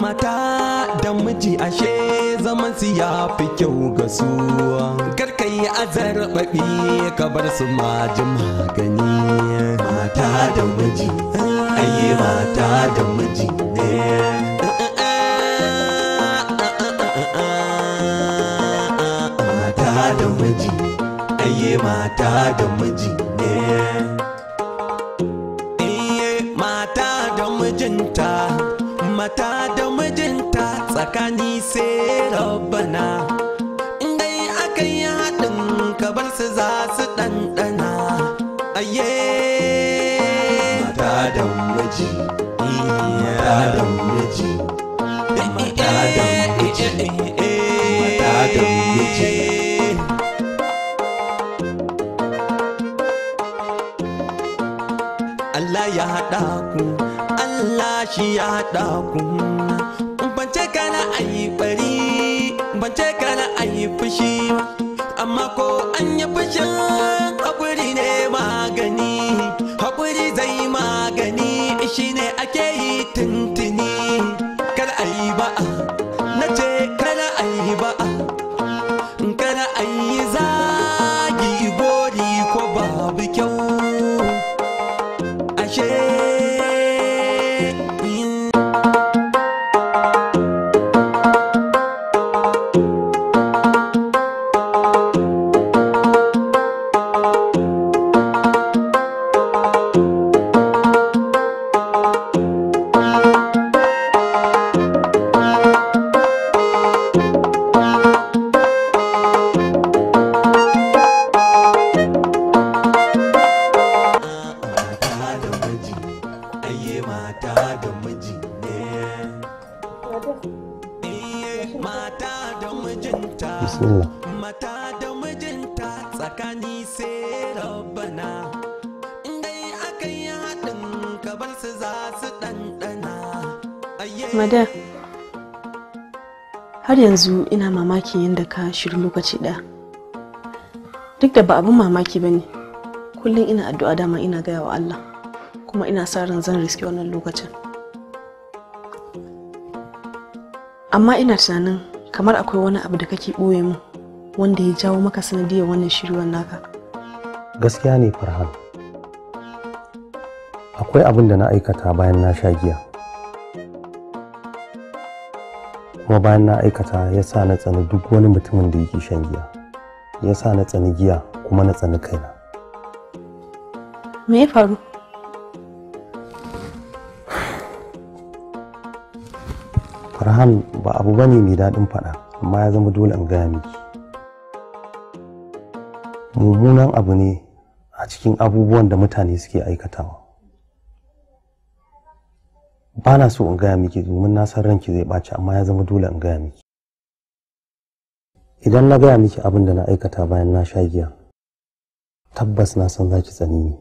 mata da miji ashe zaman su ya fi kyau ga su karka yi babi ka bar su maji magani mata da miji ayi mata da miji ne. mata da miji ayi mata da miji ne. mata da mijinta mata da tsakani sai rabbana dai aka yi haɗin kabar su za su ɗanɗana aye mata da miji mata da miji mata da miji mata da miji Allah ya haɗa ku, Allah shi ya haɗa ku. sahiba ah shiru lokaci ɗaya duk da ba abin mamaki ba ne kullum ina addu'a dama ina gaya wa Allah kuma ina sa ran zan riske wannan lokacin amma ina tunanin kamar akwai wani abu da kake ɓoye mu wanda ya jawo maka sanadiyar wannan shiruwan naka gaskiya ne farhan akwai abin da na aikata bayan na sha giya kuma bayan na aikata ya sa na tsani duk wani mutumin da yake shan giya ya sa na tsani giya kuma na tsani kaina me ya faru farhan ba abu ba ne mai daɗin faɗa amma ya zama dole in gaya miki mummunan abu ne a cikin abubuwan da mutane suke aikatawa ba na so in gaya miki domin na san ranki zai ɓaci amma ya zama dole in gaya miki idan na gaya miki abin da na aikata bayan na sha giya tabbas na san zaki tsani ne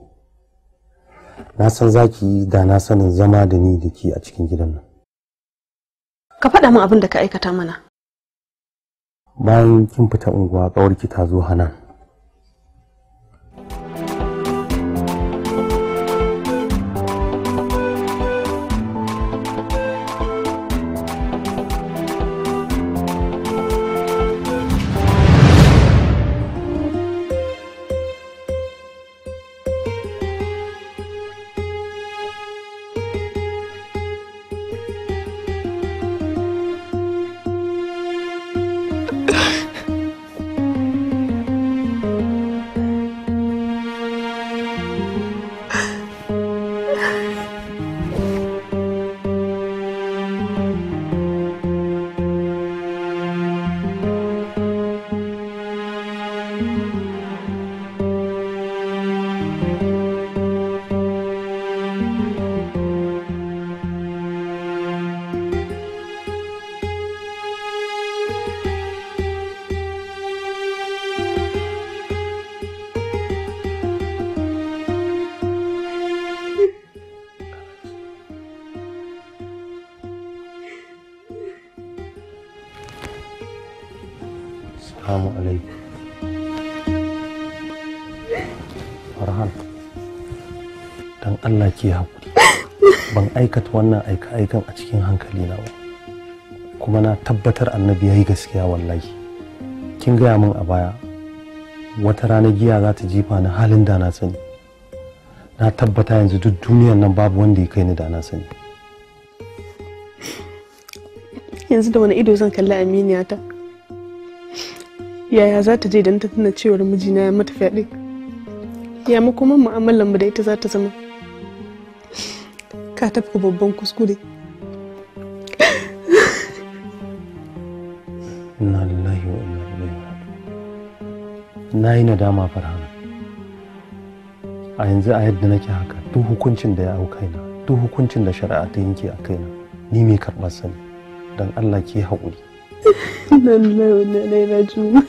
na san zaki da na sanin zama da ni da ke a cikin gidan nan ka faɗa min abin da ka aikata mana bayan kin fita unguwa ƙawarki ta zo hanan ki hakuri ban aikata wannan aika-aikan a cikin hankali na ba kuma na tabbatar annabi ya yi gaskiya wallahi kin gaya min a baya wata rana giya za ta jifa ni halin da na sani na tabbata yanzu duk duniyar nan babu wanda ya kai ni da na sani yanzu da wani ido zan kalli aminiyata yaya za ta je don ta tuna cewar mijina ya mata fyaɗe ya kuma mu'amalar mu da ita za ta zama ka tafka babban kuskure inna lillahi na yi nadama farhan a yanzu a yadda nake haka duk hukuncin da ya hau kaina duk hukuncin da shari'a ta yanke a kaina ni mai karɓar sani dan allah ki haƙuri na lillahi wa inna ilaihi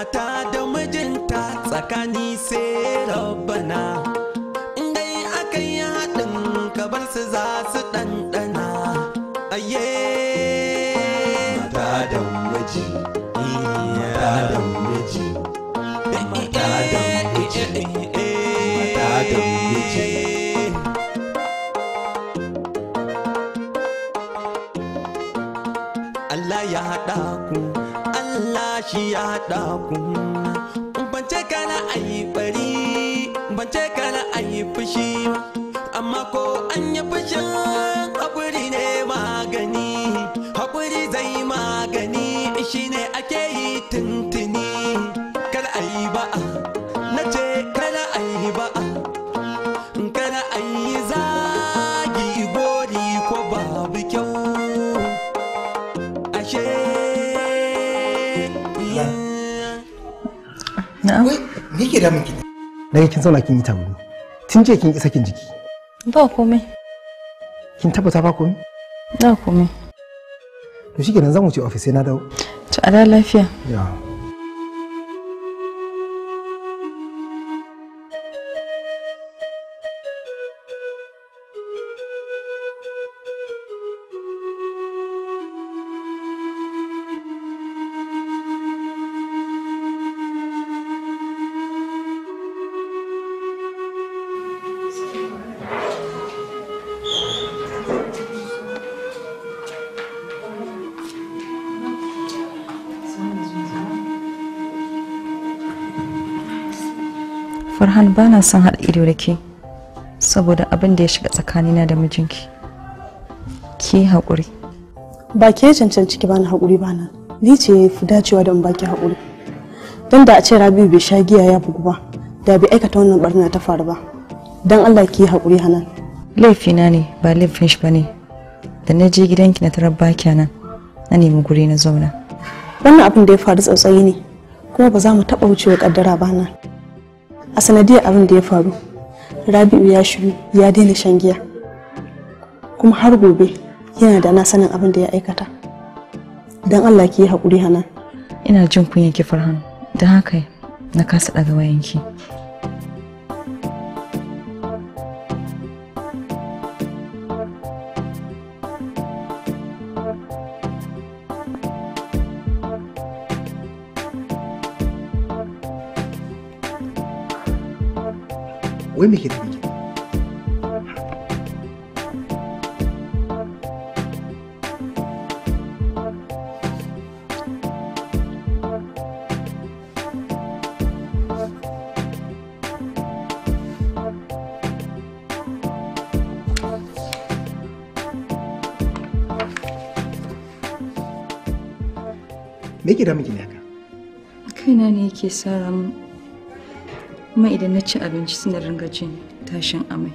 mata da mijinta tsakani sai rabana. shi ya haɗa ku bance kana ayi bari bance kana ayi fushi ma yake damun ne kin zauna kin yi tagumi tun jiya kin isa kin jiki ba komai kin tabbata ba komai ba komai to shi nan zan wuce ofis sai na dawo to a lafiya ya yeah. farhan ba na son haɗa ido da ke saboda abin da ya shiga tsakanina da mijinki ki haƙuri ba ke cancanci haƙuri ba na ni ce fi dacewa da in baki hakuri, don da a ce rabiu bai sha giya ya bugu ba da bai aikata wannan barna ta faru ba don allah ki haƙuri hanan laifina ne ba laifin shi ba ne da na je gidanki na tarar baki nan na nemi guri na zauna wannan abin da ya faru tsautsayi ne kuma ba za mu taɓa wucewa kaddara ba na a sanadiyar abin da ya faru rabi'u ya shiru ya daina shan giya kuma har gobe yana da na sanin abin da ya aikata don allah ki yi haƙuri hana ina jin kunyar ki farhan don haka na kasa ɗaga wayanki wai me da Me yake damun ki ne haka? Kaina ne yake sa kuma idan na ci abinci suna ringa jin tashin amai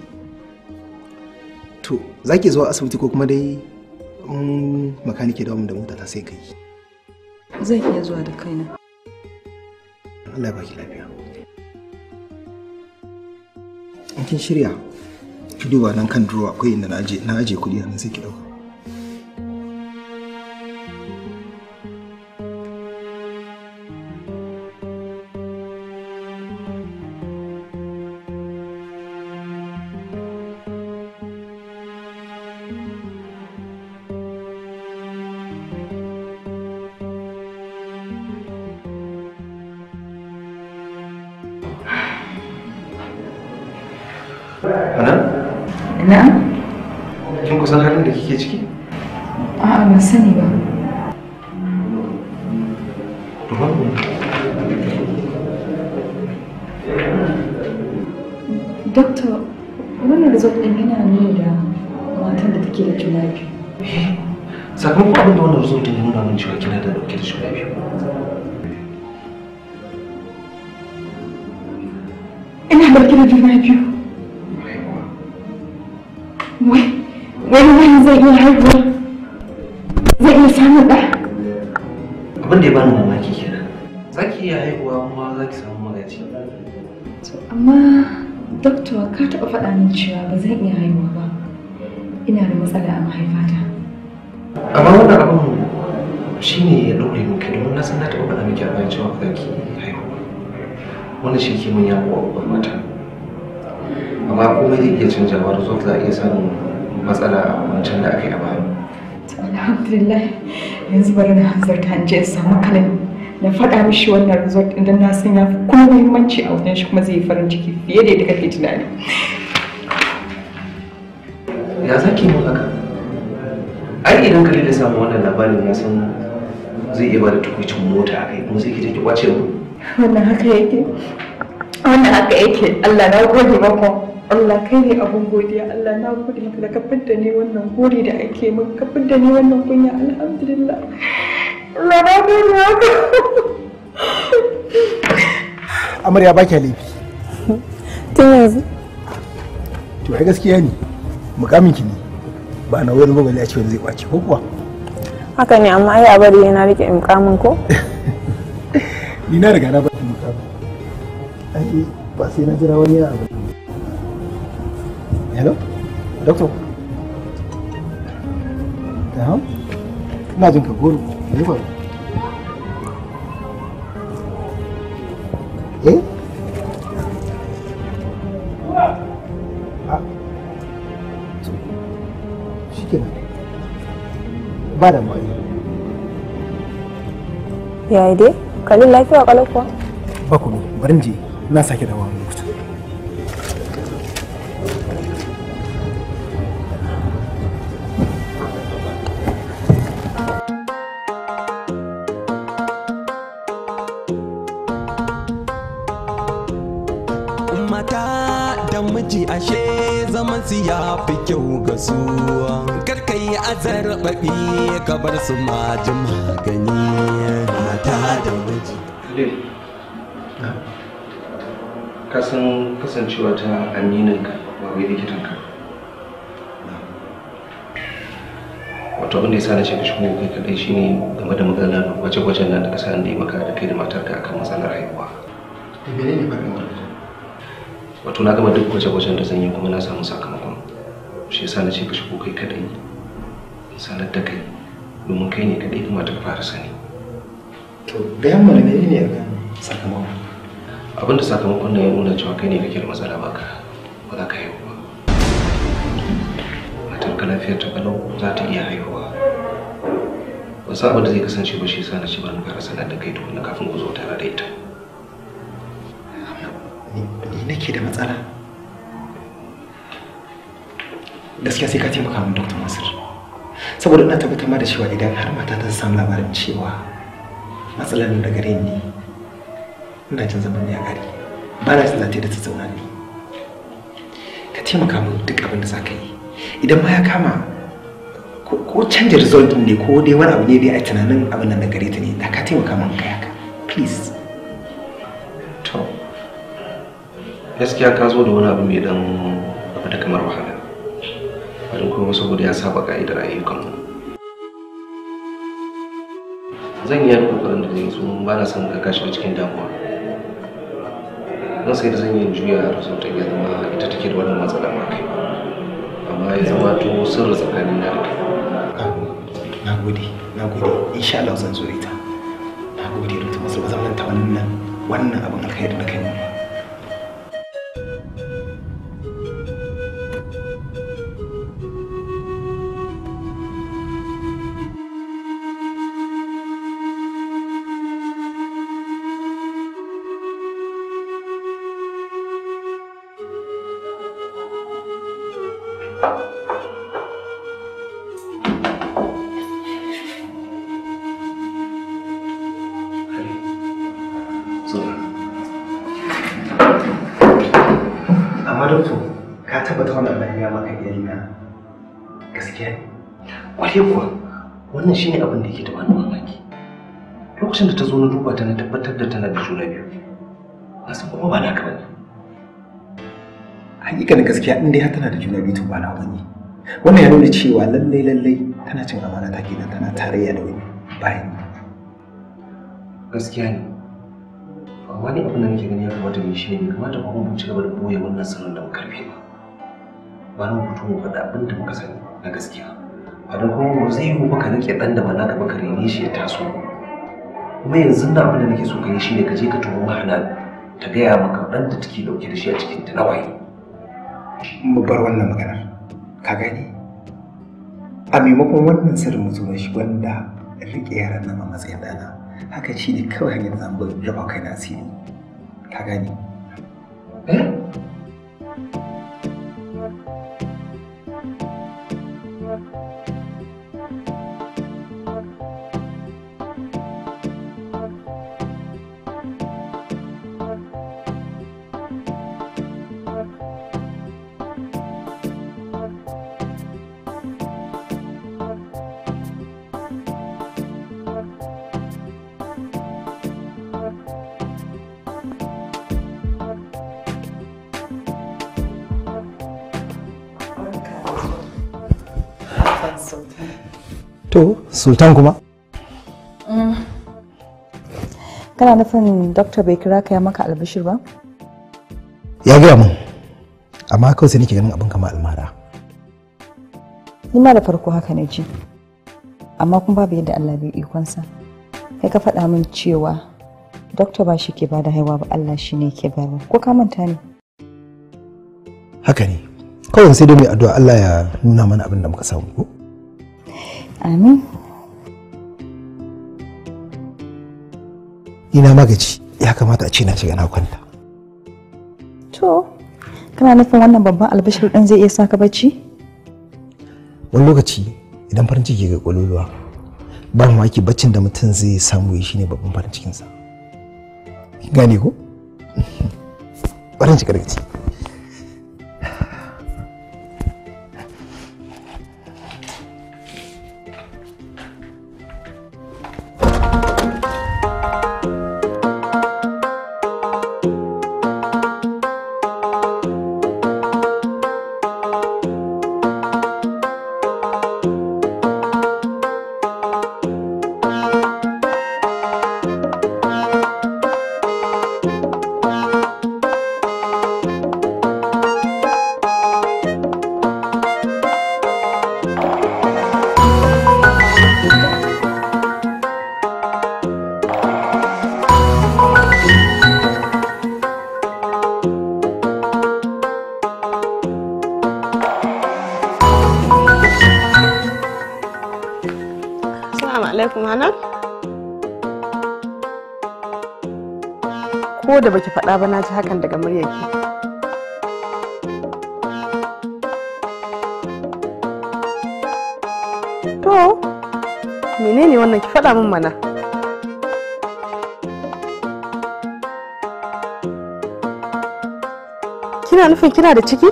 to za ki zuwa asibiti ko kuma dai in makanike da da mota ta sai ka yi iya zuwa da kaina Allah ya baki lafiya in kin shirya ki duba nan kan drawer akwai inda na aje na a nan sai ki dauka Ne? Kim kusan halin da kike ciki? A'a ban sani ba. Doktor, wannan result ɗin yana nuni da matan da take da juna biyu. Sakamakon abin da wannan result ɗin ya nuna min cewa kina da kere da juna biyu. Ina ɗauke da juna haihuwar zai iya samun ɗa? Abin da ya bani mamaki kenan. Za ki iya haihuwa kuma za ki samu magaji. Amma doktor ka taɓa faɗa min cewa ba zan iya haihuwa ba. Ina da matsala a mahaifata. Amma wannan abin shi ne ya ɗaure min kai domin na san na taɓa faɗa miki a bayan cewa ba ki haihuwa. Wannan shi ke mun yawo a mata. Amma komai zai iya canjawa da zuwa za a iya samun matsala wancan da aka yi a baya alhamdulillah yanzu bari na hanzarta in je samu kanin na faɗa mishi wannan resort inda na san ya fi kuma muhimmanci a wajen shi kuma zai yi farin ciki fiye da yadda kake tunani ya za ki haka ai idan ka da samu wannan labarin na san zai iya bada tukwicin mota a kai kuma sai ki je kwace mu wannan haka yake wannan haka yake Allah na gode maka Allah kai ne abun godiya Allah na gode maka da kafin da ni wannan gori da ake min kafin da ni wannan kunya alhamdulillah Allah na gode maka Amarya ba ki laifi tun yanzu to ai gaskiya ne mukamin ki ne ba na wani babali a ce wani zai kwace ko kuwa haka ne amma ai a bari yana rike mukamin ko ni na riga na ba mukamin ai ba sai na jira wani ya abu hello doctor ta ina jin ka goro me ya faru eh ah. ba da mai yayi dai kalin lafiya kalau kuwa ba kuma bari je na sake dawo nasu ya fi kyau ga su karka yi azar ka bar su maji magani mata da miji ka san kasancewa ta amininka ba wai likitanka wato abin da sa na ce ka shigo kai kadai shine game da maganar gwaje-gwajen nan da ka san da yi maka da kai da matarka akan matsalar haihuwa wato na gama duk gwaje-gwajen da zan yi kuma na samu sakamako shi yasa na ce ka shigo kai kaɗai in sanar da kai domin kai ne kaɗai kuma ta fara sani to bayan mana ne ne a sakamakon abinda sakamakon na ya nuna cewa kai ne kake da matsala ba ka, ba za ka haihu ba matar ka lafiyar ta kalau za ta iya haihuwa ba sa abin da zai kasance ba shi yasa na ce na fara sanar da kai to kafin ku zo tare da ita ni nake da matsala gaskiya sai ka taimaka min dr nasir saboda ina tabbatar ma da cewa idan har mata ta samu labarin cewa matsalar da gare ni ina jin zaman ya gari ba na jin zata da ta zauna ni ka taimaka min duk abin da za ka yi idan ma ya kama ko canja result din ne ko dai wani abu ne dai a tunanin abin nan da gare ta ne da ka taimaka min ka yaka please to gaskiya ka zo da wani abu mai dan abu da kamar wahala ba da kuma saboda ya saba ka'idar ayyukanmu zan yi kokarin da zai so ba na son ka kashi cikin damuwa don sai da zan yi juya rasulta ta zama ita take da wannan matsala ma kai amma ya zama to sirri tsakanin na da kai na gode na gode insha Allah zan zo ita na gode rutu masu ba zan manta wannan wannan abin alkhairi da kai mu Doctor, ka ta wannan abin ya maka yarinya. Gaskiya ne. kuwa, wannan shine abin da yake da wannan mamaki. Lokacin da ta zo na duba ta na tabbatar da tana da juna biyu. Na san kuma ba naka bane. Hakikanin gaskiya in dai har tana da juna biyu to ba na bane Wannan ya nuna cewa lallai lallai tana cin amana ta kenan tana tarayya da wani bayan. Gaskiya ne. amma dai abin da nake gani ya kamata mu shi ne bai kamata ba mu ci gaba da boye wannan sirrin da muka rufe ba Ba mu fito mu faɗa abin da muka sani na gaskiya a da kuma ba zai yiwu baka rike ɗan da ba na ba ka rene shi ya taso kuma yanzu da abin da nake so ka yi ne ka je ka tuhu mahana ta gaya maka ɗan da take ɗauke da shi a cikin ta na waye. mu bar wannan maganar ka gani a maimakon wannan sirrin mu zo shi wanda rike yaran nan a matsayin ɗana haka shi ne kawai hanyar da zan rufa kaina asiri ka to sultan kuma mm. kana nufin dr bai kira ka yi maka albishir ba ya gaya min amma kawai sai nake ganin abin kama almara ni ma da farko haka na ji amma kuma babu yadda allah bai ikonsa kai ka faɗa min cewa dokta ba shi ke bada haihuwa ba Allah shi ne ke bayarwa ko ka manta ne haka ne kawai sai dai mai addu'a Allah ya nuna mana abin da muka samu ko Amin. Ina magaji ya kamata a ce na shiga na kwanta. To, kana nufin wannan babban albashir ɗin zai iya sa ka bacci? Wani lokaci idan farin ciki ga ƙwaloluwa ba mamaki baccin da mutum zai samu ya shine babban farin cikinsa. Gane ko? Farin ciki daga ciki. da baki faɗa ba na ji hakan daga muryarki to menene wannan ki faɗa min mana kina nufin kina da ciki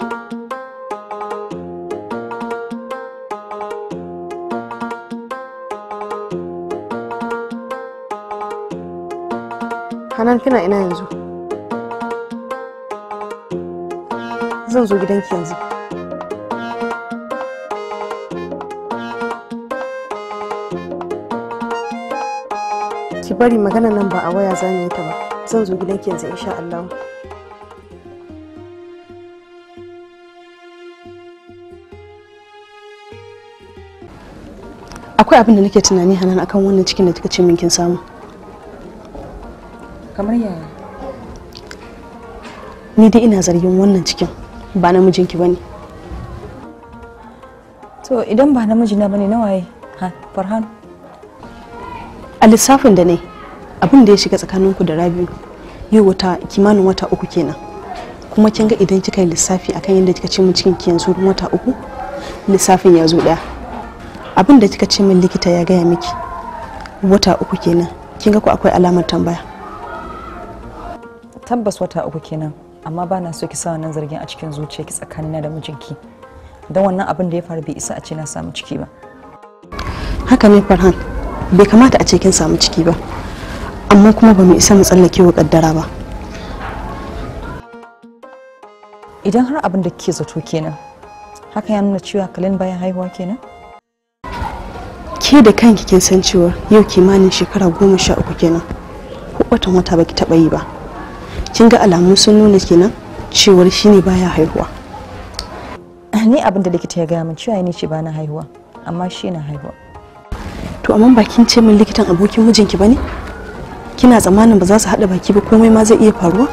hanan kina ina yanzu zan zo gidanki yanzu ki bari magana nan ba a waya za mu yi ta ba zan zo gidanki yanzu insha Allah akwai abin da nake tunani hanan akan wannan cikin da kika ce min kin samu kamar yaya ni dai ina zargin wannan cikin ba namijinki bane to idan ba namijina bane na waye ha farhan a lissafin da ne abin da ya shiga tsakaninku da rabiu yi wata kimanin wata uku kenan kuma kin ga idan kika yi lissafi akan yadda kika ce mu cikin ki yanzu wata uku lissafin ya zo daya abin da kika ce min likita ya gaya miki wata uku kenan kin ga ku akwai alamar tambaya tabbas wata uku kenan amma ba na so ki sa wannan zargin a cikin ki tsakanina da mijinki don wannan abin da ya faru bai isa a ce na samu ciki ba haka ne farhan bai kamata a ce kin samu ciki ba amma kuma ba mu isa mu tsallake wa kaddara ba idan har abin da kike zato kenan haka ya nuna cewa kalin bayan haihuwa kenan ke da kanki kin san cewa yau kimanin shekara goma sha uku kenan ko watan wata baki taba yi ba kin ga alamu sun nuna kenan cewar shi ne baya haihuwa ni abin da likita ya gaya min cewa ni ce na haihuwa amma shi na haihuwa to amma ba kin ce min likitan abokin mijinki bane kina tsammanin ba za su haɗa baki ba komai ma zai iya faruwa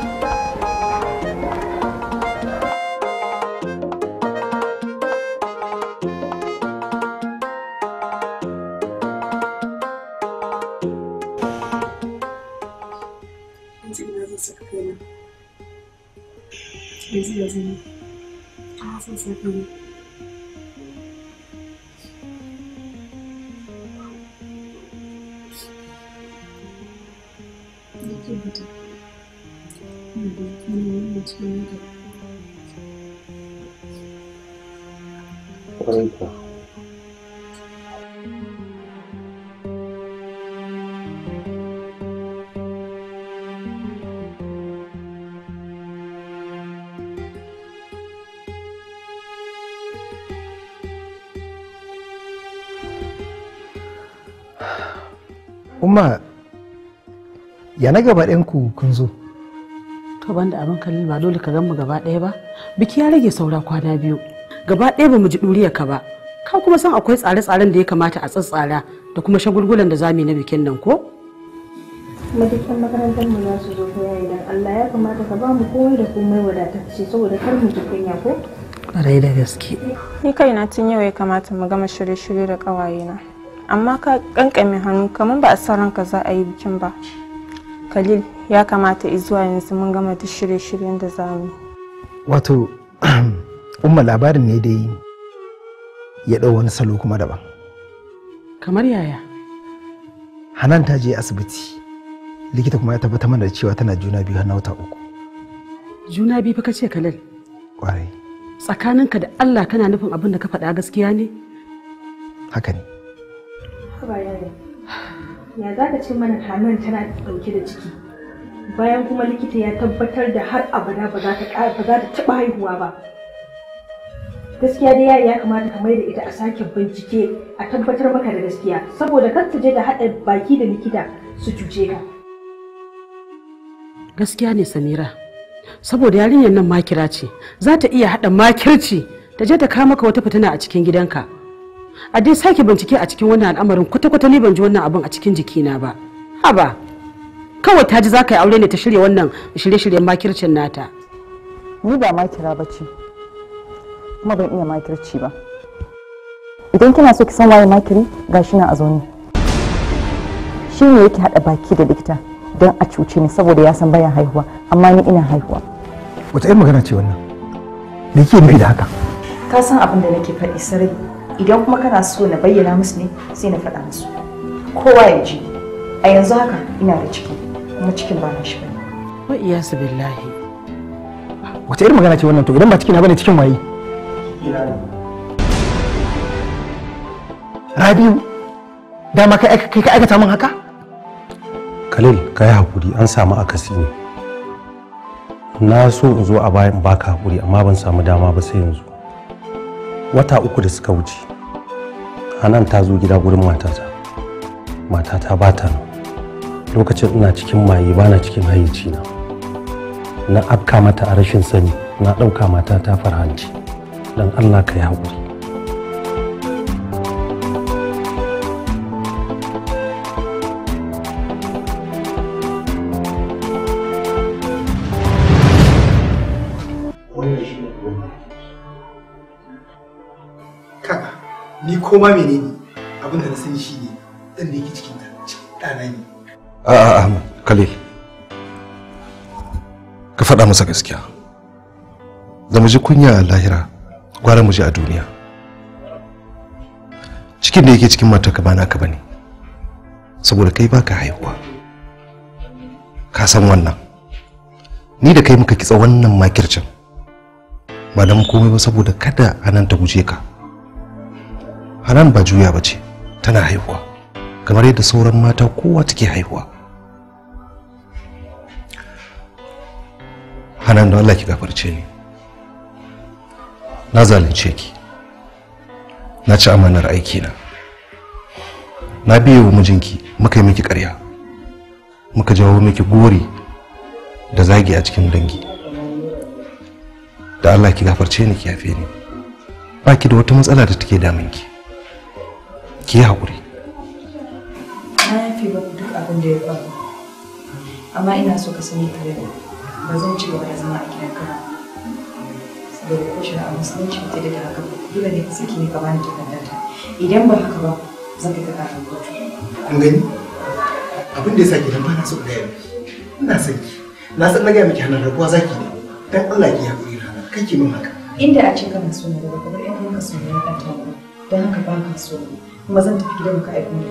umma ya na gaba ɗinku kun zo to banda abin kallon ba dole ka mu gaba ɗaya ba biki ya rage saura kwana biyu gaba ɗaya ba mu ji ɗuriya ka ba ka kuma san akwai tsare-tsaren da ya kamata a tsatsara da kuma shagulgulan da za mu yi na bikin nan ko madakin makarantar mu za su zo koya idan Allah ya kamata ka ba mu komai da komai wadatacce saboda kar mu ji kunya ko ƙwarai da gaske ni kaina tun yau ya kamata mu gama shirye-shirye da ƙawayena amma ka kankame hannu kamar ba a sa ka za a yi bikin ba khalil ya kamata zuwa yanzu mun gama duk shirye-shiryen da za mu wato umma labarin ne dai ya ɗau wani salo kuma daban kamar yaya hanan ta je asibiti likita kuma ya tabbata mana da cewa tana juna biyu na wata uku juna biyu fa kace kalal kwarai tsakaninka da allah kana nufin abin da ka faɗa gaskiya ne haka ne haba ya za ka ce mana hannun tana ɗauke da ciki bayan kuma likita ya tabbatar da har abada ba za ta taɓa haihuwa ba gaskiya dai yaya ya kamata ka mai da ita a sake bincike a tabbatar maka da gaskiya saboda kar ta je da haɗa baki da likita su cuce ka gaskiya ne samira saboda yarinyar nan makira ce za ta iya haɗa makirci ta je ta kama ka wata fitina a cikin gidanka a dai sake bincike a cikin wannan al'amarin kwata-kwata ni ban ji wannan abin a cikin jikina ba haba kawai ta ji za ka yi aure ne ta shirya wannan shirye-shiryen makircin nata ni ba makira ba ce kuma ban iya makirci ba idan kina so ki san waye makiri shi na a zaune shi ne yake haɗa baki da likita don a cuce ni saboda ya san bayan haihuwa amma ni ina haihuwa wata 'yan magana ce wannan me ke nufi da haka ka san abin da nake faɗi sarai idan kuma kana so na bayyana musu ne sai na faɗa musu kowa ya ji a yanzu haka ina da ciki kuma cikin ba na shi bane wa iyasu billahi wata irin magana ce wannan to idan ba ciki na bane cikin waye Rabiu dama kai ka aikata min haka Khalil ka yi hakuri an samu akasi ne na so in zo a bayan baka hakuri amma ban samu dama ba sai yanzu wata uku da suka wuce hanan ta zo gida gurin matata matata ba ta nan lokacin ina cikin maye ba na cikin hayyaci na na afka mata a rashin sani na ɗauka matata farhanci don allah ka yi haƙuri koma menene abin da na sani shi ne dan da yake cikin ɗana ne a'a ah, ah, ah, Ahmad Khalil ka faɗa masa gaskiya da mu ji kunya a lahira gwara mu ji a duniya cikin da yake cikin mata ka ba naka bane saboda kai baka haihuwa ka san wannan ni da kai muka kitsa wannan makircin ba da komai ba saboda kada anan ta guje ka hanan ba juya ba ce tana haihuwa kamar yadda sauran mata kowa take haihuwa hanan da Allah ki gafarce ni na zalunce ki na ci amanar aiki na na biye wa mijinki muka yi miki ƙarya muka jawo miki gori da zagi a cikin dangi da Allah ki gafarce ni ki yafe ni baki da wata matsala da take damunki ki yi haƙuri na yafe ba duk abin ya faru amma ina so ka sani tare da ba zan ci gaba da zama a gidan ka saboda ko shi a musulunci ta da haka dole ne ka saki ne ka bani takardata idan ba haka ba zan ka kotu kun gani abin da ya dan na so gaya miki ina na san na gaya miki rabuwa ne dan Allah ki haƙuri rana min haka inda a ce kana so na rabuwa kamar yan uwanka so ne ya ɗan tawo don haka ba ka so ne kuma zan tafi gidan ka aiko da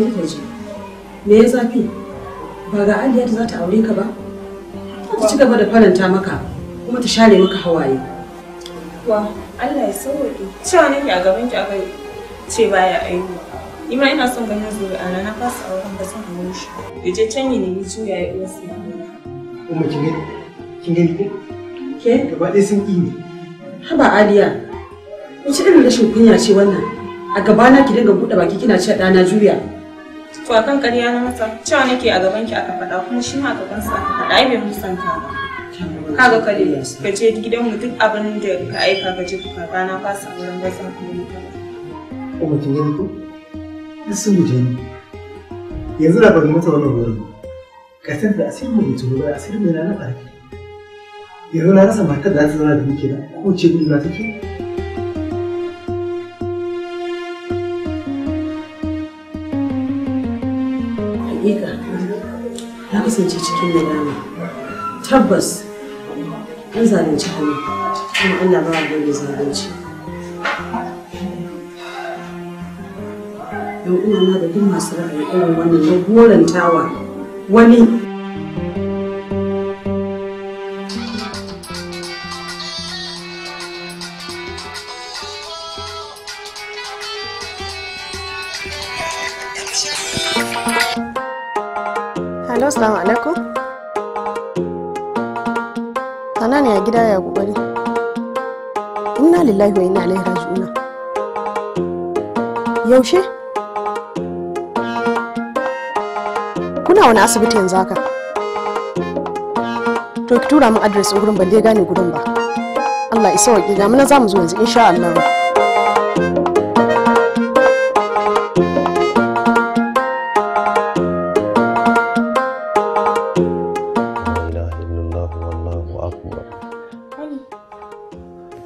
me ya zafi? Ba ga Aliya ta za ta aure ka ba? Ta ci gaba da faranta maka kuma ta share maka hawaye. Wa, Allah ya sauwaƙe. Cewa nake a gaban ki aka ce Ima ina son ganin zuri a rana fasa auren ba zan aure shi. Ya je can yi ne ya juya ya iya Umma kin gani? Kin gani ko? Ke? Gaba ɗaya sun ƙi ne. Haba Aliya, wace irin rashin kunya ce wannan? A gabana ki dinga buɗe baki kina ce ɗana Juliya. To a kan ƙarya na masa, cewa nake a gaban ki aka faɗa kuma shi ma a gaban sa aka faɗa ai bai musanta ba. ka ga kare ka je gidanmu duk abin da ka aika ka je ka na fasa wurin san kuma ta. Umma kin gani ko? Duk sun mutane. Yanzu da ba mata wannan wurin. Kasar da asirin bai tsoro ba asirin bai na nafa ya na rasa matar da za ta zauna da ni ko ce gudu na take hakika ta kasance cikin dama. tabbas an zalunci hannu kuma Allah ba wa da zalunci yan uwana da duk masu ra'ayi irin wannan na gorantawa wani Hello, salamu alaikum. Sana ne a gida ya kokari. Inna lillahi wa inna ilaihi raji'una. Yaushe? tana wani asibiti yanzu haka to ki tura min adres din gurin ban dai gane gurin ba Allah isa wa ga mu za zamu zo yanzu insha Allah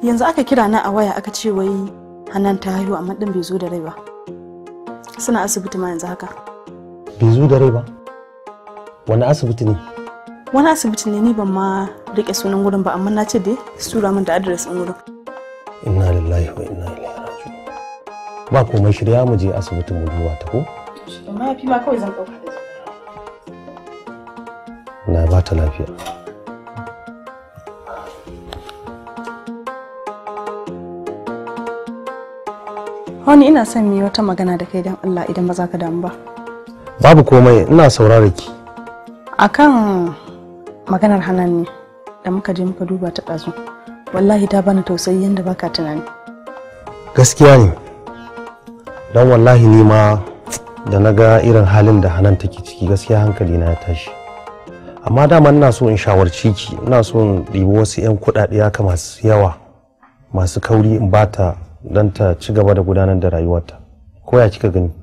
yanzu aka kira na a waya aka ce wai hannun ta haihu amma din bai zo da rai ba suna asibiti ma yanzu haka bai zo da rai ba wani asibiti ne wani asibiti ne ni ban ma rike sunan gurin ba amma na ce dai su min da adres ɗin gurin inna lillahi wa inna ilaihi raji'un ba komai shirya mu je asibitin mu duba ta ko amma fi ma kawai zan ɗauka na ba ta lafiya Wani ina son mu yi wata magana da kai don Allah idan ba za ka damu ba. Babu komai ina saurara ki. akan maganar hanan ne da muka je muka duba ta ɗazu wallahi ta bani tausayi yadda baka tunani gaskiya ne don wallahi ni ma da na ga irin halin da hanan take ciki gaskiya hankali na ya tashi amma dama ina so in shawarci ki ina so in ɗibi wasu 'yan kuɗaɗe haka masu yawa masu kauri in bata don ta ci gaba da gudanar da rayuwarta ko ya kika gani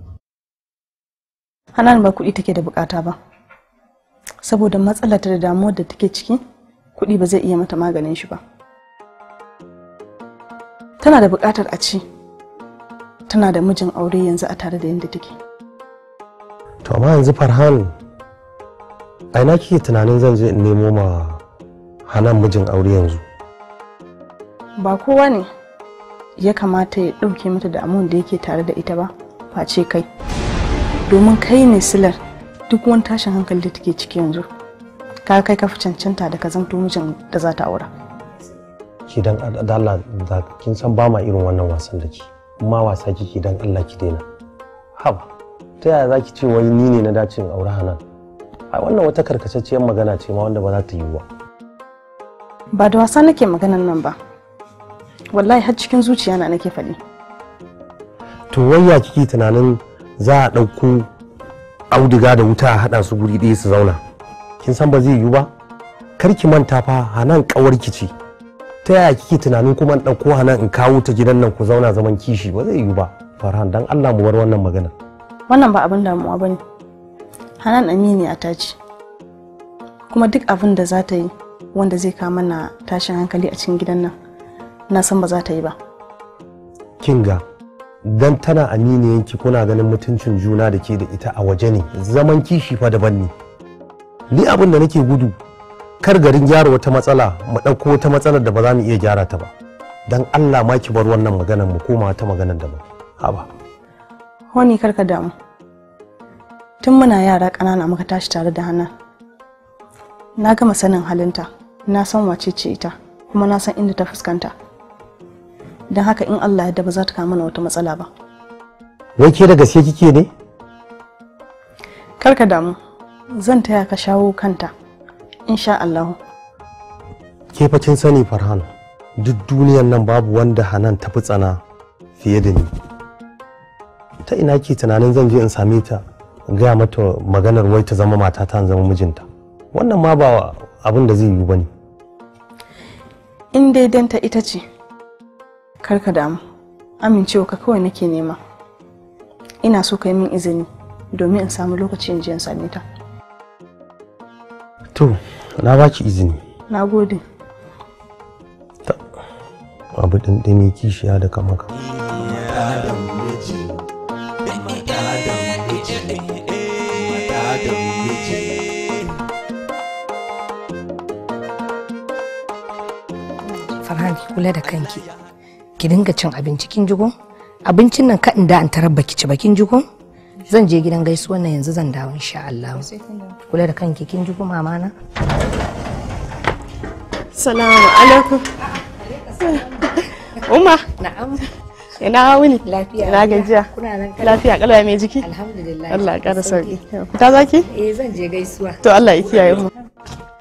hanan ba kuɗi take da bukata ba saboda matsalar da damuwar da take ciki kuɗi ba zai iya mata maganin shi ba tana da buƙatar a ci tana da mijin aure yanzu a tare da yadda take to amma yanzu farhan ina kike tunanin zan je in nemo ma hanan mijin aure yanzu ba kowa ne ya kamata ya ɗauke mata damuwar da yake tare da ita ba face kai domin kai ne silar duk wani tashin hankali da take ciki yanzu ka kai ka cancanta da ka zanto mijin da za ta aura ki dan Allah da kin san ba ma irin wannan wasan da ki ma wasa kike dan Allah ki daina haba ta yaya zaki ce wai ni ne na dace in aure hanan ai wannan wata karkatacciyar magana ce ma wanda ba za ta yi ba ba da wasa nake maganan nan ba wallahi har cikin zuciya na nake faɗi to wayya kike tunanin za a ɗauko auduga da wuta haɗa su guri ɗaya su zauna kin san ba zai yiwu ba kar ki manta fa hanan ki ce ta yaya kike tunanin kuma in ɗauko hanan in kawo ta gidan nan ku zauna zaman kishi ba zai yiwu ba farhan dan Allah mu bar wannan magana wannan ba abin damuwa ne. hanan amini a taci kuma duk abin da za ta yi wanda zai kama na tashin hankali a cikin gidan nan na san ba za ta yi ba kinga dan tana ki kuna ganin mutuncin juna da ke da ita a waje ne zaman kishi fa daban ne ni abin da nake gudu kar garin gyara wata matsala mu ɗauko wata matsalar da ba za mu iya gyara ta ba dan Allah ma ki bar wannan maganar mu koma ta maganar daban haba kar ka damu tun muna yara kanana muka tashi tare da hana na gama sanin halinta na san wace ce ita kuma na san inda ta fuskanta dan haka in Allah ya ba za ta kama wata matsala ba wai ke da gaske kike ne karka damu zan taya ka shawo kanta insha Allah ke fa sani Farhan duk duniyar nan babu wanda Hanan ta fi tsana fiye da ni ta ina ke tunanin zan je in same ta gaya mata maganar wai ta zama mata ta zama mijinta wannan ma ba abin da zai yiwu ba ne in daidanta ita ce Kar ka damu, amincewa ka kawai nake nema. Ina so ka yi min izini domin in samu lokaci in je in same ta. To, na baki izini. Na gode. Abu ɗanɗani kishiya da kamaka. farhan kula da kanki. ki dinga cin abinci kin ji ko abincin nan ka da an tarar baki ci bakin ji ko zan je gidan gaisuwa nan yanzu zan dawo insha Allah kula da kanki kin ji ko mama na salamu alaikum umma na'am ina wuni lafiya ina gajiya lafiya kalwa mai jiki alhamdulillah Allah ya kara sauki ta zaki eh zan je gaisuwa to Allah ya kiyaye mu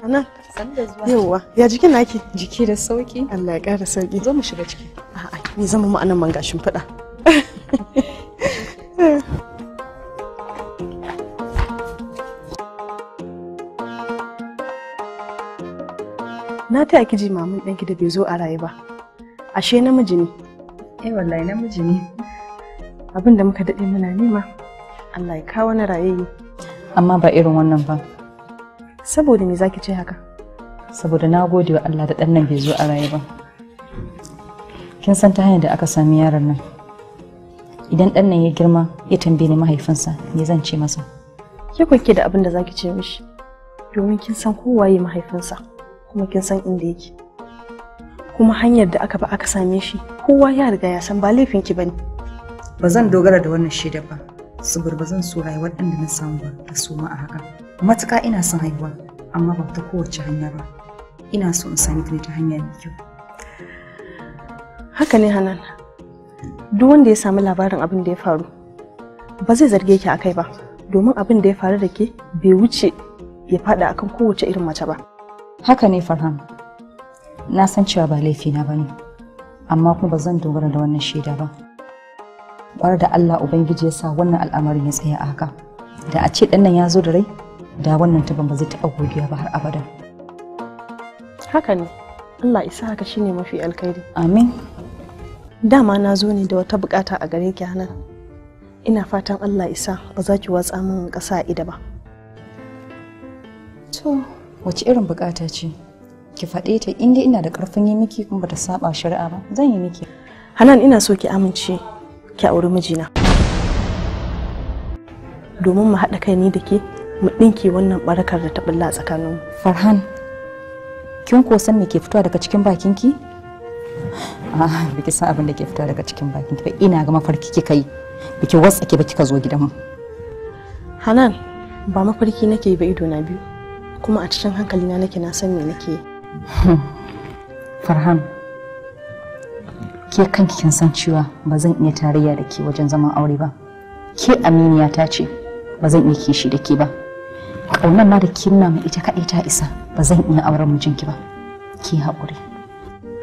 Ana? San da zuwa. Yawwa, ya jikin naki? Jiki da sauki. Allah ya ƙara sauki. Zo mu shiga ciki. A'a, ni zama mu anan man gashin fada. Na taya ki ji mamun ɗanki da bai zo a raye ba. Ashe namiji ne. Eh wallahi namiji ne. Abin da muka daɗe muna nema. Allah ya kawo na raye. Amma ba irin wannan ba. Saboda me zaki ce haka? Saboda na gode wa Allah da ɗan nan bai zo a rayuwa. ba. Kin san ta hanyar da aka sami yaron nan. Idan ɗan nan ya girma ya tambaye ni mahaifinsa me zan ce masa? Ki kwanke da abin da zaki ce mishi. Domin kin san kowaye mahaifinsa kuma kin san inda yake. Kuma hanyar da aka ba aka same shi kowa ya riga ya san ba laifin ki bane. Ba zan dogara da wannan shaidar ba. saboda ba zan so rayuwar ɗan da na samu ba ta suma a haka. matuƙa ina son haihuwa amma ba ta kowace hanya ba ina so in sami ta hanya mai kyau haka ne hanan duk wanda ya sami labarin abin da ya faru ba zai zarge ki akai ba domin abin da ya faru da ke bai wuce ya faɗa akan kowace irin mace ba haka ne farhan na san cewa ba na ba ne amma kuma ba zan dogara da wannan shaida ba bar da Allah Ubangiji ya sa wannan al'amarin ya tsaya a haka da a ce nan ya zo da rai da wannan tuban ba zai taɓa gogiya ba har abada haka ne Allah isa haka shine mafi alkhairi amin dama na zo ne da wata bukata a gare ki hanan ina fatan Allah isa ba za ki watsa min ƙasa ida ba to wace irin bukata ce ki faɗe ta inda ina da ƙarfin yi miki kuma bata saba shari'a ba zan yi miki hanan ina so ki amince ki auri mijina domin mu haɗa kai ni da ke mu ɗinke wannan barakar da ta bulla tsakanin farhan kin ko san me ke fitowa daga cikin bakinki ah biki san abin da ke fitowa daga cikin bakinki ba ina ga mafarki kika yi biki ke ba kika zo gidan mu. hanan ba mafarki nake ba ido na biyu kuma a cikin hankali na nake na san me nake hmm. farhan ke kanki kin san cewa ba zan iya tarayya da ke wajen zaman aure ba ke aminiya ta ce ba zan iya kishi da ke ba ƙaunar na da kinna mai ita kaɗai ta isa ba zan iya auren mijinki ba ki haƙuri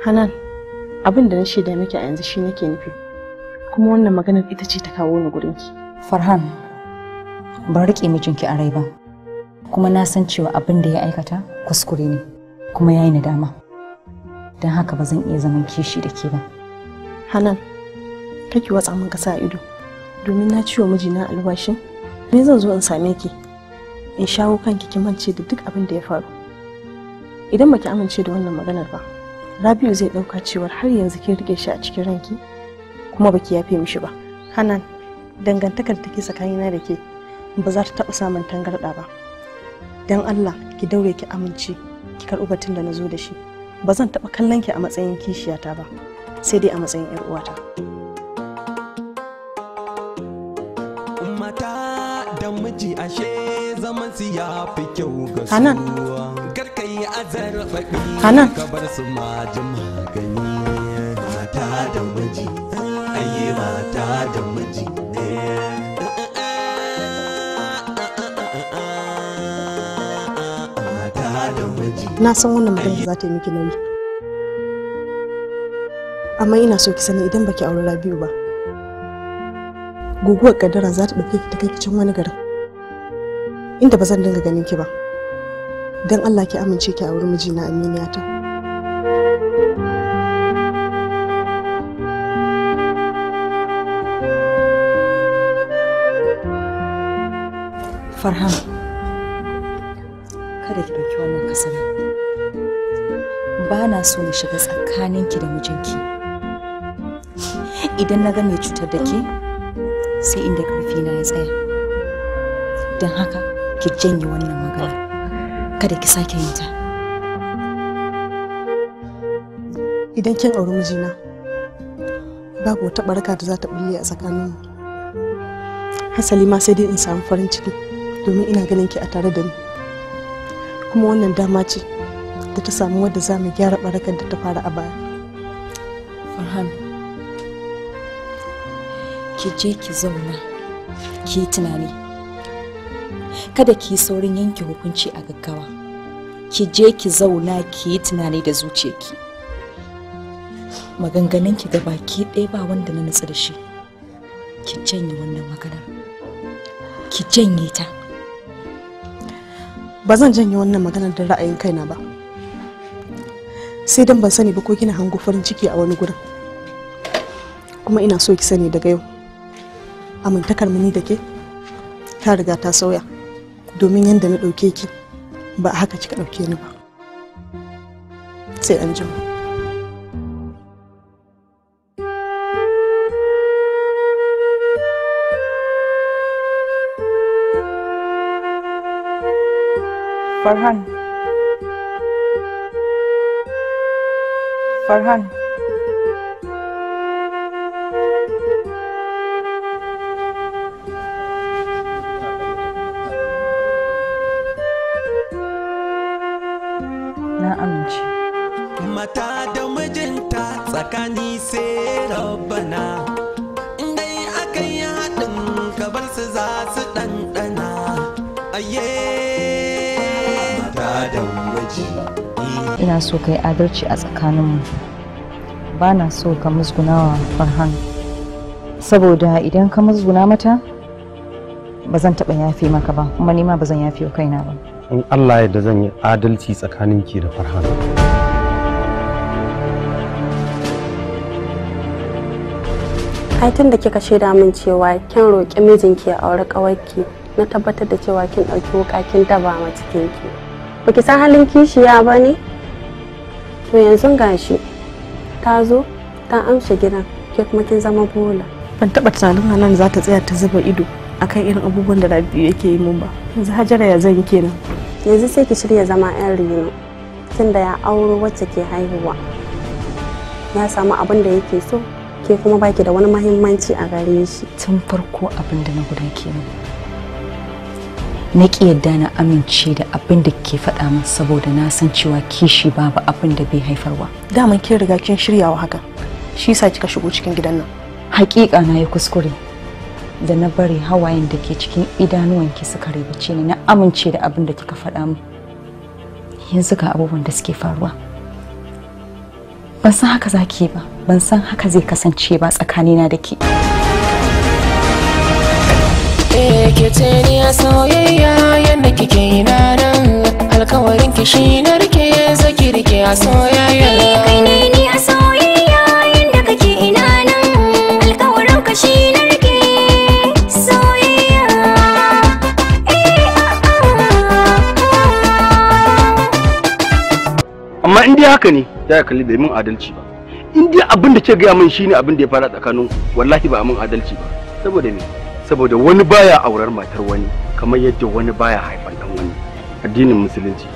hanan abin da na shaida miki a yanzu shi nake nufi kuma wannan maganar ita ce ta kawo ni ki. farhan ban riƙe mijinki a rai ba kuma na san cewa abin da ya aikata kuskure ne kuma ya yi nadama don haka ba zan iya zaman kishi da ke ba hanan kake watsa min ƙasa ido domin na ciwo mijina albashin? me zan zo in same ki in shawo kanki ki mance da duk abin da ya faru idan baki amince da wannan maganar ba rabiu zai dauka cewar har yanzu kin rike shi a cikin ranki kuma baki yafe mishi ba hanan dangantakar take tsakanina da ke ba za ta taɓa samun tangarɗa ba don allah ki daure ki amince ki karɓi batun da na zo da shi ba zan taɓa kallon ki a matsayin kishiyata ba sai dai a matsayin 'yar uwata. ashe zaman su ya fi kyau ga suwa Hanan. yi azar faɗi. ka bar su ma ji magani. Mata da miji. Ayi mata da miji. Na san wannan magana za ta yi miki nauyi. Amma ina so ki sani idan baki aure Rabi'u ba. Guguwar kaddara za ta ɗauke ki ta kai kicin wani garin. inda ba zan dinga ganin ki ba don allah ki amince ki a auri mijina aminiyata farhan kada ki ɗauki wannan kasala ba na so na shiga tsakanin ki da mijinki idan na ga mai cutar da ke sai inda ƙarfi na ya tsaya don haka ki janye wannan magana kada ki sake yin ta idan kin auri mijina babu wata barka da za ta bulle a tsakaninmu hasali ma sai dai in samu farin ciki domin ina ganin ki a tare da ni kuma wannan dama ce da ta samu wadda za mu gyara barakar da ta fara a baya farhan ki je ki zauna ki yi tunani kada ki saurin yanke hukunci a gaggawa ki je ki zauna ki yi tunani da zuciyarki maganganunki da baki ɗaya ba wanda na nutsu da shi ki janye wannan magana ki janye ta ba zan janye wannan maganar da ra'ayin kaina ba sai dan ban sani ba ko kina hango farin ciki a wani gurin kuma ina so ki sani daga yau amintakar mu ni da ke ta riga ta sauya domin yadda na ɗauke ki ba haka kika ɗauke ni ba sai an jima Farhan Farhan ka adalci a tsakaninmu ba na so ka musgunawa farhan saboda idan ka musguna mata ba zan taɓa yafe maka ba kuma nima ba zan yafe kaina ba in allah yadda zan yi adalci tsakaninki da farhan ai da kika shaida min cewa kin roƙi mijinki a auri ƙawarki na tabbatar da cewa kin ɗauki wuƙa kin daba ma cikinki baki san halin kishiya ba ne to yanzu gashi ta zo ta amsa gidan ke kuma kin zama bola ban taba tunanin hanan za ta tsaya ta zuba ido akan irin abubuwan da rabi yake yi mun ba yanzu hajara ya zan kenan yanzu sai ki shirya zama yan reno da ya auro wacce ke haihuwa ya samu abin da yake so ke kuma baki da wani mahimmanci a gare shi tun farko abin da na gudan kenan na ki yadda na amince da abin da ke faɗa min saboda na san cewa kishi babu abin da bai haifarwa daman kin riga kin shiryawa haka shi yasa kika shigo cikin gidan nan hakika na yi kuskure da na bari hawayen da ke cikin idanuwan ki suka ribace ni na amince da abin da kika faɗa min yanzu ga abubuwan da suke faruwa ban san haka zaki ba ban san haka zai kasance ba tsakanina da ke. Eh ke ni a soyayya yadda kike yi na nan alkawarin ki shi na rike zaki rike a soyayya. Eh ni a soyayya yadda kake ina nan alkawarin ka shi na rike soyayya. Eh, ah, ah, ah. Amma in dai haka ne ya kalli bai min adalci ba. In dai abin da ke gaya min shine abin da ya fara tsakanin wallahi ba min adalci ba. Saboda me? saboda wani baya aurar matar wani kamar yadda wani baya haifan dan wani addinin musulunci